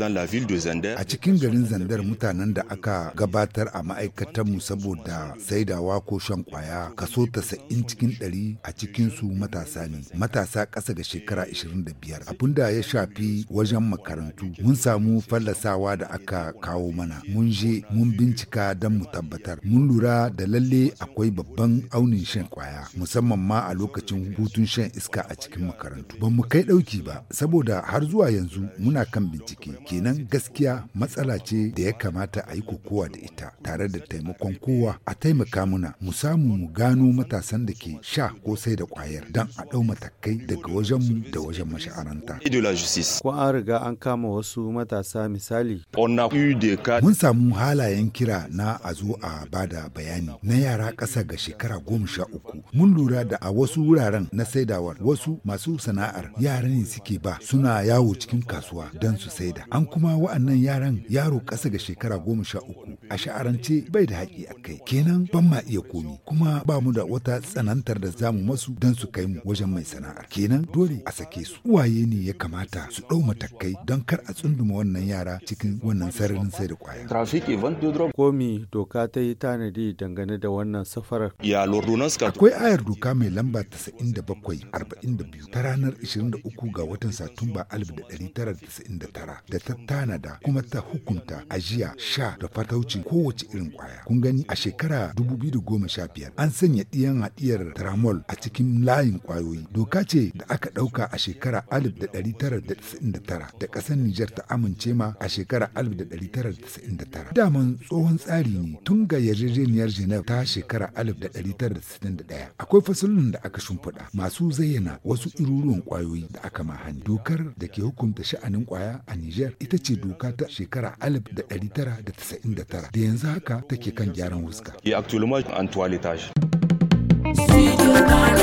A cikin garin Zandar mutanen da aka gabatar a ma'aikatanmu saboda saidawa ko shan kwaya kaso 90 cikin 100 a su matasa ne. Matasa ƙasa ga shekara 25. Abun da ya shafi wajen makarantu mun samu fallasawa da aka kawo mana. Mun je mun bincika don mu tabbatar. Mun lura da lalle akwai babban aunin shan kwaya musamman ma a lokacin hutun shan iska a cikin makarantu. Ba mu kai ɗauki ba saboda har zuwa yanzu muna kan bincike. kenan gaskiya matsala ce da ya kamata a yi kokowa da ita tare da taimakon kowa a taimaka muna mu samu mu gano matasan da ke sha ko sai da kwayar don a ɗau matakai daga wajen mu da wajen mashi'aranta. Ko an riga an kama wasu matasa misali. Mun samu halayen kira na a zo a bada bayani na yara ƙasa ga shekara goma sha uku. Mun lura da a wasu wuraren na saidawar wasu masu sana'ar yara ne suke ba suna yawo cikin kasuwa don su saida. an kuma wa'annan yaran yaro ƙasa ga shekara goma sha uku a sha'arance bai da haƙi a kai kenan ban ma iya komi kuma ba mu da wata tsanantar da za mu masu don su kai mu wajen mai sana'a. kenan dole a sake su uwaye ne ya kamata su ɗau matakai don kar a tsunduma wannan yara cikin wannan sararin sai da kwaya. komi doka ta yi tanadi dangane da wannan safarar. akwai ayar doka mai lamba 97 42 ta ranar 23 ga watan satumba 1999 da ta ta tanada kuma ta hukunta ajiya sha da fatauci kowace irin kwaya. Kun gani a shekara 2015 an sanya ɗiyan haɗiyar tramol a cikin layin kwayoyi. Doka ce da aka ɗauka a shekara 1999 da ƙasar Nijar ta amince ma a shekara 1999. Daman tsohon tsari ne tun ga yarjejeniyar Geneva ta shekara 1961. Akwai fasalin da aka shimfiɗa masu zayyana wasu iruruwan kwayoyi da aka ma hani. Dokar da ke hukunta sha'anin kwaya a Nijar ita ce doka ta shekara 1999 da yanzu haka take kan gyaran huska. Studio Bar